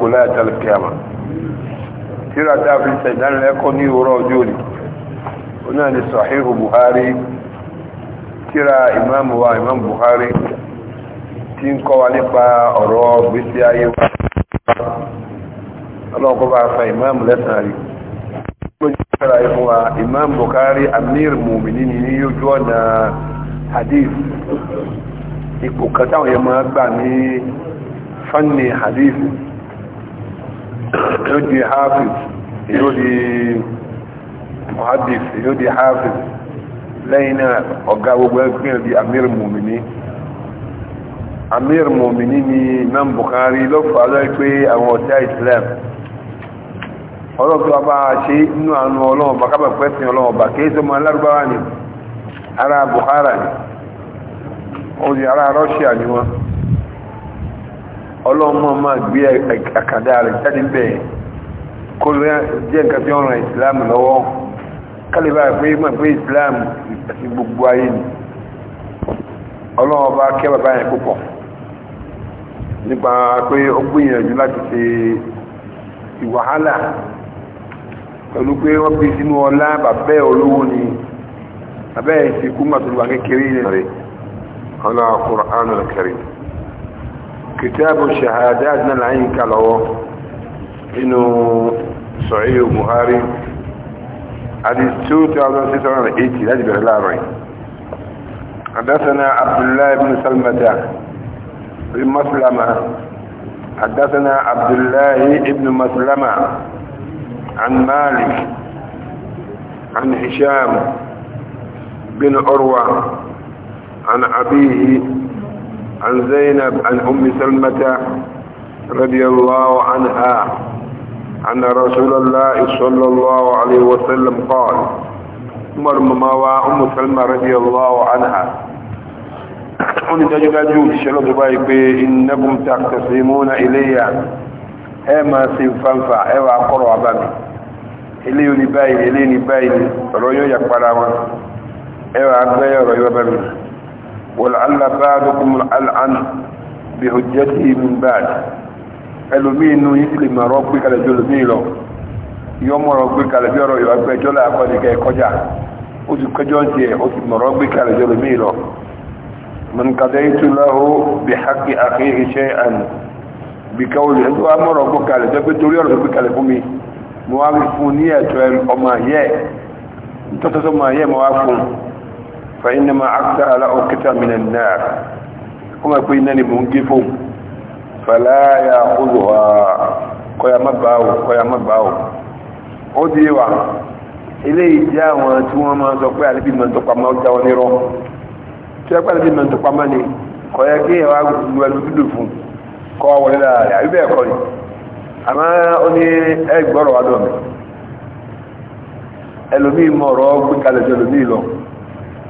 kò láyà tálẹ̀ kíámà tíra tá a fi ṣẹ̀dánilẹ́kọ́ ní òwúrọ̀ ọjọ́ òní ó náà ni sahihu buhari tíra ìmáàmù wa ìmáàmù buhari tí ń kọ́ wa nípa ọ̀rọ̀ gbésí ayé wa ọlọ́ọ̀kọ́ bá fa ìmáàmù lẹ́sàn rí ipò kan táwọn yẹn máa gbà ní fanni hadith yóò hafiz yóò di muhaddis yóò di hafiz lẹ́yìn náà ọ̀gá gbogbo ẹgbẹ́ di amir mumini amir mumini ni imam bukhari ló fà lọ́ pé àwọn ọ̀tá islam ṣe inú àánú kábà pẹ́sìn ma lárúbáwá ni ara buhara ni ó di ara russia ni ọlọ́mọ máa gbé àkàdá rẹ̀ jáde bẹ́ẹ̀ kó jẹ́ nǹkan tí ó ràn islam lọ́wọ́ kálíbà pé mọ̀ pé islam àti gbogbo ayé ni ọlọ́wọ́ bá kẹ́ bàbá yẹn púpọ̀ nípa pé ó gbìyànjú láti ṣe ìwàhálà pẹ̀lú pé wọ́n fi sínú ọlá bàbẹ́ olówó ni bàbẹ́ ìsìnkú màtòlùwà kékeré rẹ̀ ọlọ́wọ́ Qur'anul Karim kìtàbù ṣàhádá náà láyín kalọ̀wọ́ inú sọ̀rọ̀ buhari hadith 2680 láti bẹ̀rẹ̀ láàrin حدثنا عبد الله بن سلمة بن مسلمة حدثنا عبد الله بن مسلمة عن مالك عن هشام بن عروة عن أبيه عن زينب عن أم سلمة رضي الله عنها عن رسول الله صلى الله عليه وسلم قال عمر مماوى أم سلمة رضي الله عنها قل دجلاجو الشلط بي إنكم تقتسمون إلي هما سنفنفع أما قروا بامي إلي نبايل إلي نبايل رأيو يكبر أما أما أبنى رأيو بامي ولعل بعضكم العن بحجته من بعد ẹlòmíì nu ìsìlè mọ ọ̀rọ̀ pé kalẹ̀ jọ lòmíì lọ yọ mọ ọ̀rọ̀ pé kalẹ̀ bí ọ̀rọ̀ yọ agbẹjọ là kọni kẹ kọjá ó ti kọjọ ń tiẹ ó ti mọ ọ̀rọ̀ pé kalẹ̀ jọ lòmíì lọ. من قضيت له بحق أخيه شيئا بقول ẹ̀dọ́ amọ̀rọ̀ pé kalẹ̀ jọ pé torí ọ̀rọ̀ pé kalẹ̀ fún mi mo wá fún فإنما عكس على أكتا من النار كما كنا ya فلا يأخذها kọya mọ́bàáwò kọya mọ́bàáwò ó di wà ilé ìjẹ́ àwọn tí wọ́n máa ma pé àlébí mẹ́ntọ́pamọ́ já wọn nírọ́ tí wọ́n pẹ́ àlébí ma ni kọya kí ẹ̀wà gbẹ̀lú dúdú fún kọ́ wọlé láàrẹ̀ àbíbẹ̀ ya ni àmọ́ ó ní mi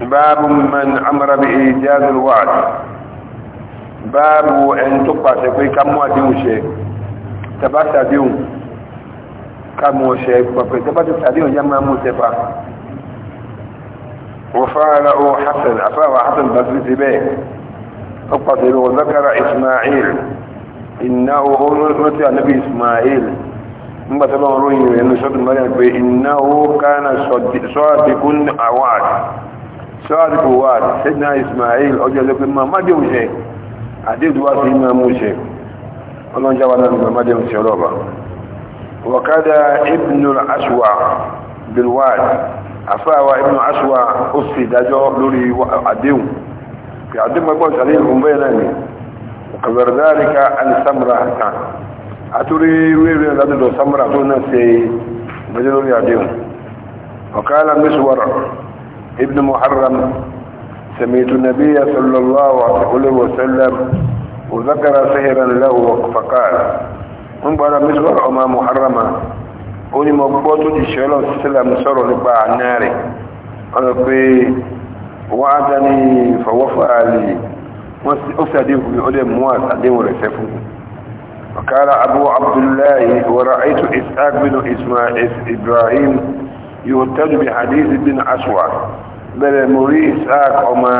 باب من امر بايجاز الوعد باب ان تقاس في كم واديو شيء تبات اديو كم وشيء تبات اديو جمع مصطفى وفعله حسن افاه حسن بن به فقد وذكر اسماعيل انه هو النبي اسماعيل nígbà tó bá wọn ròyìn rẹ̀ ní sọ́dún mẹ́rin pé ìnáwó kánà sọ́dìkún àwáàdì sọ́wádìí kò wá sẹ́dínà Ismail ọjọ́ ilé pé máa mádéhùn ṣe àdéhùn wá sí máa mú ṣe ọlọ́njà wà náà nígbà mádéhùn ṣe ọlọ́ọ̀bà wọ̀kádà Ibn al-Aswa bilwad afáwa Ibn al-Aswa ó sì dájọ́ lórí àdéhùn pé àdéhùn ẹgbọ́n sàlẹ̀ ìlú bẹ́ẹ̀ náà ni kàbẹ̀rẹ̀dáríkà alisamura kan ابن محرم سميت النبي صلى الله عليه وسلم وذكر سهرا له فقال انبرا مزور اما محرما oni mo gbọ́ tó ti ṣe ọlọ́run sísẹ́lá mi sọ̀rọ̀ nípa àná rẹ̀ ọ̀nà pé wọ́n á dání fọwọ́fà lè wọ́n ó sì àdéhùn mi ó dẹ̀ mú àtàdéhùn rẹ̀ fẹ́ fún ọ̀kára abu abdullahi wọ́ra aitu isaac bin ismail ibrahim yóò tẹ́jú bí hadith bin aswad bẹ̀rẹ̀ mori isaac ọmọ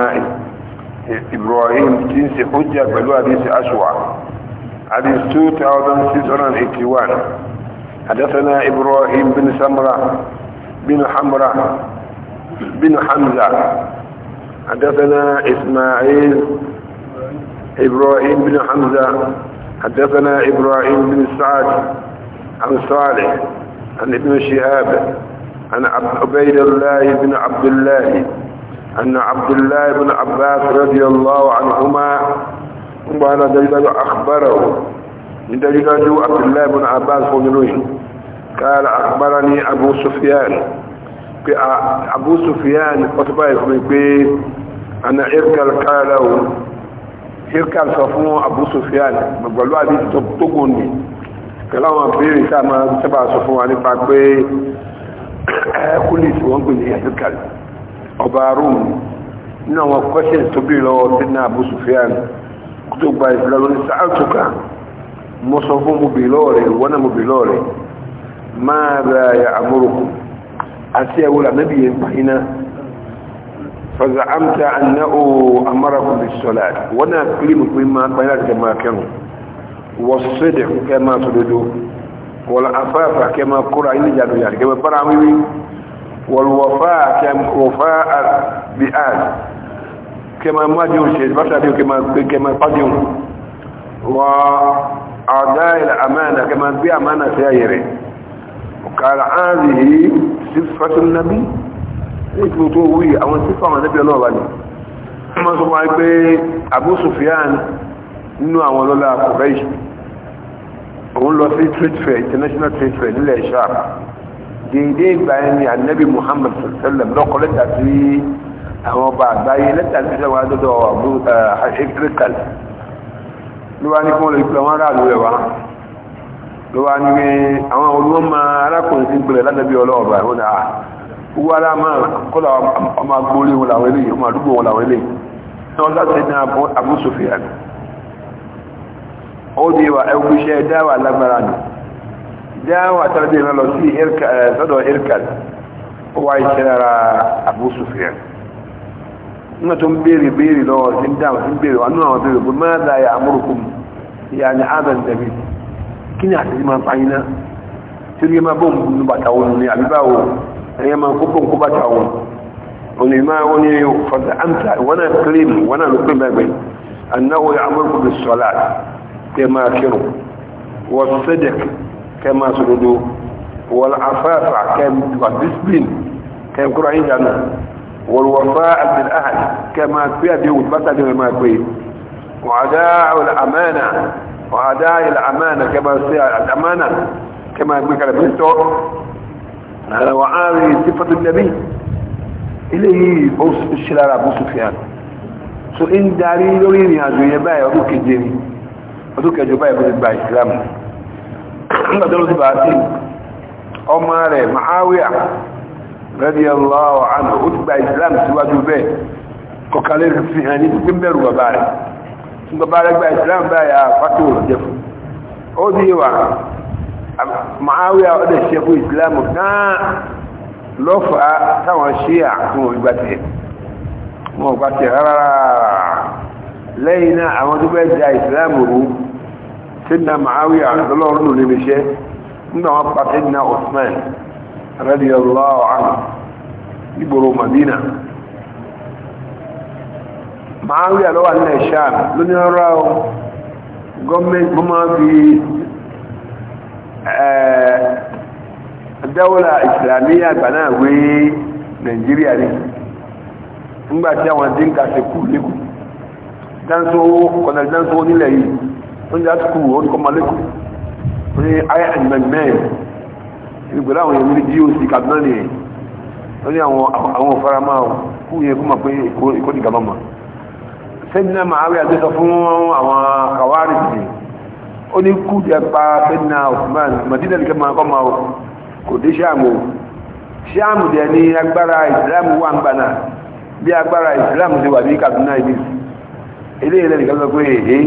ibrahim tí ń ṣe hujja pẹ̀lú àdísì ashwa àdís 2681 àdásánà ibrahim bin samra bin hamra bin hamza àdásánà ismail ابراهيم بن حمزة حدثنا ابراهيم بن سعد عن صالح عن ابن شهاب عن عبيد الله بن عبد الله أن عبد الله بن عباس رضي الله عنهما وأنا دليل أخبره من دليل عبد الله بن عباس فمنوه قال أخبرني أبو سفيان أبو سفيان أطبعك من أن إركال قاله إركال صفوه أبو سفيان مقبلوا هذه تبتغني كلاما بيري كما تبع صفوه عن فاقبه ẹ̀kúlì tí wọ́n gbìyànjú ẹ̀dùkàlì ọba rome nínú àwọn kọ́ṣẹ́ tó bí lọ́wọ́ tí náà bú Sufyan kó tó gba ìfìlà lórí sáàtùkà mo sọ fún mo bì lọ́ọ̀rẹ̀ wọ́n náà mo bì lọ́ọ̀rẹ̀ máa bá ya àmúrùkù àti ẹ̀wọ́ lànàbí yẹn pàyínà fàzà àmta àná ó amárakù bí sọ́lá wọ́n náà kílì mú pé máa pàyínà àti kẹ́ máa kẹ́rùn wọ́n sọ́dẹ̀ kẹ́ máa sọ́dọ́dọ́ wala afafa kema kura ini jadu yari kema para wiwi wal wafa kem maju shi bata dio kema wa adaa ila amana kema bi amana sayire قال هذه صفة النبي ikú tó wí àwọn tí fáwọn ẹ̀lẹ́bí ọlọ́ọ̀bá ní wọ́n wáyé pé Abu Sufyan nínú àwọn ọlọ́lá kọ̀rẹ́ṣì òun lọ sí trade fair international trade fair nílẹ̀ sharp déédéé ìgbà yẹn ni anabi muhammad sallam lọ́kọ̀ lẹ́tà sí àwọn ọba àgbáyé lẹ́tà sí sẹ́wọ̀n adọ́dọ̀ abu ekrikal eh, ló wá ní kí wọ́n lè gbé àwọn aráàlú rẹ̀ wá ló wá ní àwọn olùmọ̀ arákùnrin sí gbẹ̀rẹ̀ ládàbí ọlọ́ọ̀bà ìwọ́n náà wọ́n wá láàmà kọ́lá ọmọ agbórí wọn làwọn eléyìí ọmọ àdúgbò wọn làwọn eléyìí ó di wa ẹkú iṣẹ́ dáwà lágbára nù dáwà tàbí ìrìnà lọ sí sọ́dọ̀ irkal ó wá iṣẹ́ lára Abu Sufyan nígbà tó ń béèrè béèrè lọ́wọ́ sí dáwà sí béèrè wà nínú àwọn béèrè pé má dá ya amúrùkùn ya ni adam david kí ni àtẹ̀sí máa ń fàyín náà tí ó yẹ máa bọ́ òun bàtà wọn ni àbí báwo ẹ̀yẹ máa kó bọ́ bàtà wọn òní máa wọ́n ní fọ̀tà àmì wọn náà kílíìmù wọn náà ló pè mẹ́gbẹ̀ẹ́ àná amúrùkùn bí sọ́láàtì كما كروا والصدق كما سردوا والعفاف كما ديسبلين كما كروا عين جانا والوفاء بالأهل كما فيها ديوت بطا ديوت ما كوي وعداء الأمانة وعداء الأمانة كما فيها الأمانة كما يقول كلا بنتو هذا وعاوي صفة النبي إليه بوس الشلالة بوصف يعني سو إن داري لوريني هذا يبايا وكجيني ọdún kẹjọ báyìí bóti gba ìsìlámù nígbàtí ló ti bá sí ọmọ rẹ̀ Muawiya radiyallahu anhu ó ti gba ìsìlámù síwájú bẹ́ẹ̀ kọkàlẹ̀ fi hàn ní pípín bẹ̀rù bàbá rẹ̀ tí bàbá rẹ̀ gba ìsìlámù báyà fátó òjẹ́ fún ó di wà Muawiya ọdẹ ṣe fún ìsìlámù náà lọ́fà táwọn lẹ́yìn náà àwọn tó fẹ́ da ìsìlámù rú sidna àmàáwí àdọ́lọ́rùn ló níbi iṣẹ́ nínú àwọn pàtẹ́ ní Osman radiyallahu anhu nígboro Madina màáwí àlọ́wà ní ẹ̀ṣán lónìí ọ̀rọ̀ gọ́ọ̀mẹ́ntì mo máa fi dáwọ́lá ìsìlámíyà àgbà náà wé Nàìjíríà ní wọ́n yá tukú wọ́n kọ́ malẹ́kù wọ́n ní ayé ẹ̀mẹ̀mẹ́ ibi pẹ̀lú àwọn èèyàn ní doc kaduna ni wọ́n ní àwọn ọ̀farama kú yẹn kó ma pé ìkó ní gàmama sẹ́dínà màáwé àti sọ fún àwọn kàwárì sí ó ní kú jẹ pa sẹ́dínà Usman madina nìkan máa kọ́ ma o kò dé sàmù o sàmù dẹ ní agbára ìsìlámù wà ń gbaná bí agbára ìsìlámù ti wà ní kaduna yìí eléyìí lẹ́nu kan sọ pé èyí.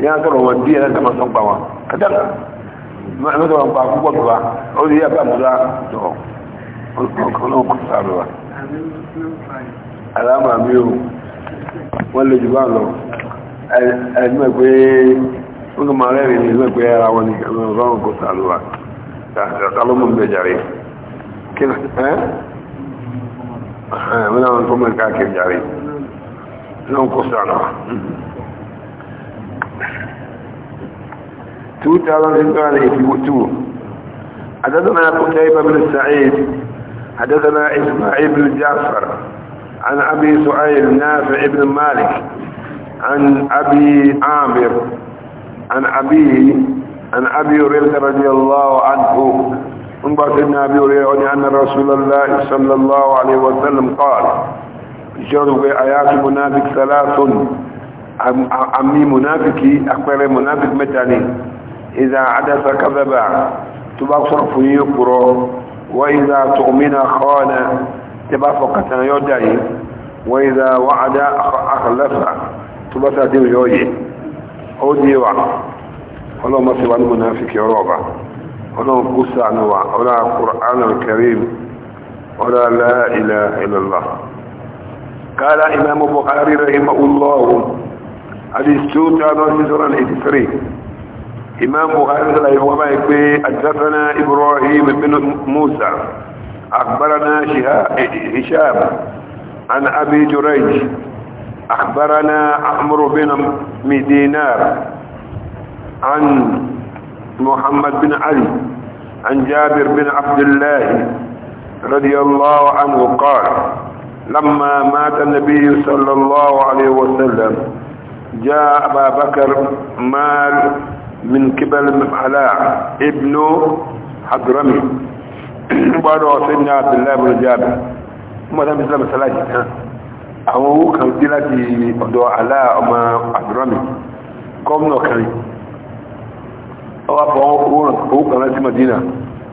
ní àtọ́rọ̀ wọn díẹ̀ náà tàbí sọ́pàá wọn kàtàkà mẹ́tọ̀ wọn pa púpọ̀ tó wá ó lè yàgbà múlá tó ọkọ̀lọ́kọ̀ sáré wa aláàmà mi ò wọ́n lè jù bá lọ ẹgbẹ́ pé ó lọ máa rẹ́rìn ní ẹgbẹ́ ara wọn ní ọlọ́run kò sáré wa tàbí mú jàre kí ni ẹ́ mẹ́ta wọn kọ́ mẹ́ta kiri jàre lọ́n kò sáré wa 2082 حدثنا قتيبة بن سعيد حدثنا إسماعيل بن جعفر عن أبي سعيد نافع بن مالك عن أبي عامر عن أبيه عن أبي هريرة رضي الله عنه انظر سيدنا أبي هريرة أن رسول الله صلى الله عليه وسلم قال جرب آيات منافق ثلاث عمي منافقي أكبر منافق متاني إذا عدس كذبا تبصر في يقرأ وإذا تؤمن خان تبصقت يدعي وإذا وعد أخلف تبصر دي يوي أو ديوع ولو ما سوى المنافق يروبا ولو قصة نوع ولا القرآن الكريم ولا لا إله إلا الله قال إمام بخاري رحمه الله الستوت عن سورة 83 إمام بخاري صلى الله عليه وسلم حدثنا إبراهيم بن موسى أخبرنا هشام عن أبي جريج أخبرنا عمرو بن مدينار عن محمد بن علي عن جابر بن عبد الله رضي الله عنه قال لما مات النبي صلى الله عليه وسلم جاء أبا بكر مال من قبل مفعلاء ابن حضرمي بعد سيدنا عبد الله بن جابر ما دام اسلام سلاج او كان دي لاتي دو علاء ام حضرمي كم نو كان او ابو اون او كان في مدينه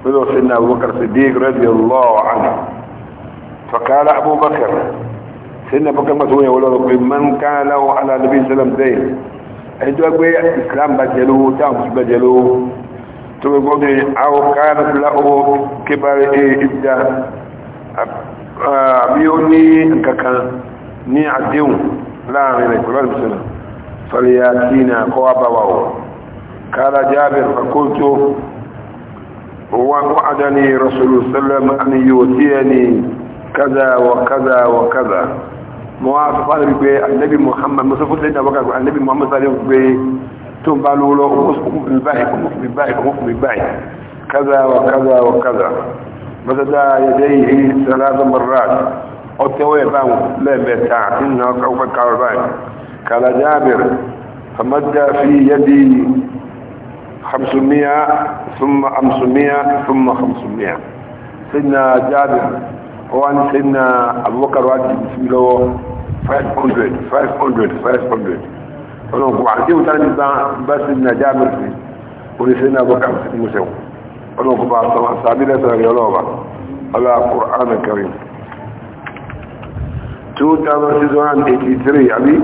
بيقول سيدنا ابو بكر الصديق رضي الله عنه فقال ابو بكر سيدنا ابو بكر ما هو ولا من كان له على النبي صلى الله عليه وسلم دين ẹni tó gbé islam bá jẹ lówó táwọn musulmi bá jẹ lówó tó gbé gbọ́dọ̀ àwọn káyánà fúlá owó kébàrí eh, ìdá ah, àbí ó ní nǹkankan ní àdéhùn láàrin rẹ̀ pẹ̀lú àdìsọ́nà fàlìyà tí ní àkọwà bá wà ó kára jábẹ̀ fàkótó وعدني رسول الله أن يؤتيني كذا وكذا وكذا mo wá sọ fún àdébí pé àdébí muhammad mo sọ fún sẹ́yìn àbọ̀kà àdébí muhammad sáré wọ́n pé tó ń bá lówó lọ owó fún mi báyìí owó fún mi báyìí owó fún mi báyìí kaza wa kaza wa kaza masada yadayhi salasa marrat ọtẹwọ́ ẹ̀ báwọn lẹ́ẹ̀mẹ́ta nínú ọkọ̀ kàwé báyìí kala jabir فمد في يدي خمسمائة ثم خمسمائة ثم خمسمائة سيدنا جابر وأنا سيدنا ابو بكر وعدت بسم الله 500 500 500 ونقوم عن سيدنا بس سيدنا جامل فيه ولي سيدنا ابو بكر في المسيح ونقوم بعد طبعا سابيلة رضي الله على القرآن الكريم 2083 علي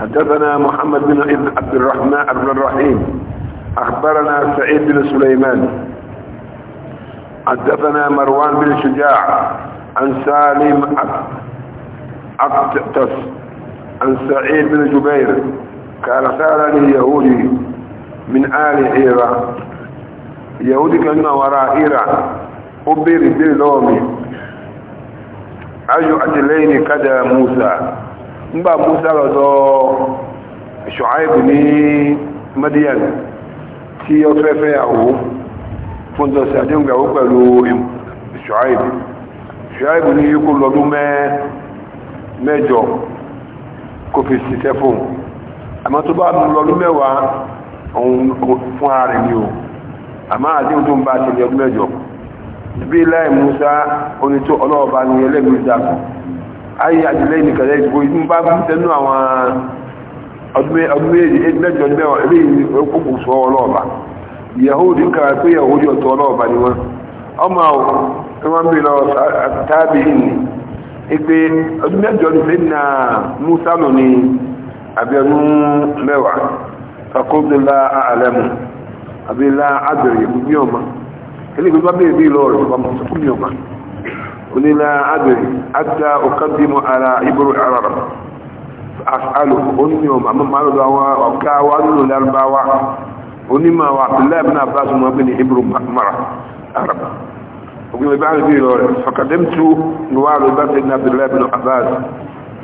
حدثنا محمد بن ابن عبد الرحمن ابن الرحيم اخبرنا سعيد بن سليمان حدثنا مروان بن شجاع عن سالم أقتس عن سعيد بن جبير قال سألني يهودي من آل إيرا يهودي كان وراء إيرا أبير باللومي أجو أتلين كذا موسى نبا موسى لدو شعيب ني مدين تي يوفي فيه فندو سعدين قاوه شعيب ṣáàbù ní ikú lọ́dún mẹ́jọ kò fi ṣiṣẹ́ fún àmọ́ tó bá lọ́dún mẹ́wàá òun fún ara ni o àmọ́ àdéhùn tó ń bá ṣe ní ọdún mẹ́jọ bí láì Musa onító ọlọ́ọ̀bá ni ẹlẹ́gbẹ̀ẹ́ dàkùn ayé ìnìkàlẹ́ àwọn ọdún mẹ́jọ ní mẹ́wàá ilé sọ ọlọ́ọ̀bá pé ọ̀tọ̀ ọlọ́ọ̀bá ni wọ́n ọmọ tí wọ́n bí lọ tábì ní ipe ọdún mẹ́jọ ní fẹ́ na musa nù ní abẹ́nú mẹ́wàá fakóbìnlá àlẹ́mù abẹ́lá àbẹ̀rẹ̀ ìbúgbí ọmọ ilé ìgbẹ́gbẹ́ bẹ́ẹ̀ bí lọ rẹ̀ ọmọ sọkúnmí ọmọ onílá àbẹ̀rẹ̀ àtà òkàdìmọ̀ ara ìbúrò àràrà as'alu oní ọmọ àmọ́ máa وقال بعد ذي لوري فقدمت نوار الباب ابن عبد الله بن عباس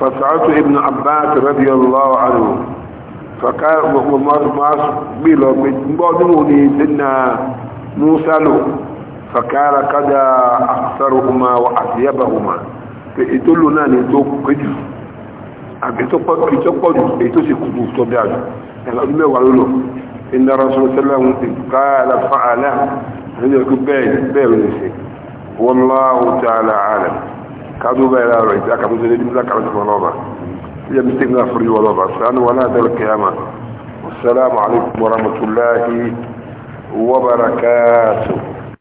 فسألت ابن عباس رضي الله عنه فقال وما بيلو بودوني سنة موسى له فقال قد أخسرهما وأطيبهما فإتلنا نتوقج ìtọ́pọ̀jù èyí tó sì kùdù tó bí àjò ẹ̀lọ́ ọdún mẹ́wàá ló lọ iná rọ́sọ́lọ́sọ́lọ́ ń pè káàlà fa'àlá àti ìjọ́ bẹ́ẹ̀ bẹ́ẹ̀ ló lè ṣe والله تعالى عالم كادوا بلا رئيس أكبر زيدي ملك على المنوبة يمسكنا فري ولوبة سأل ولا ذا القيامة والسلام عليكم ورحمة الله وبركاته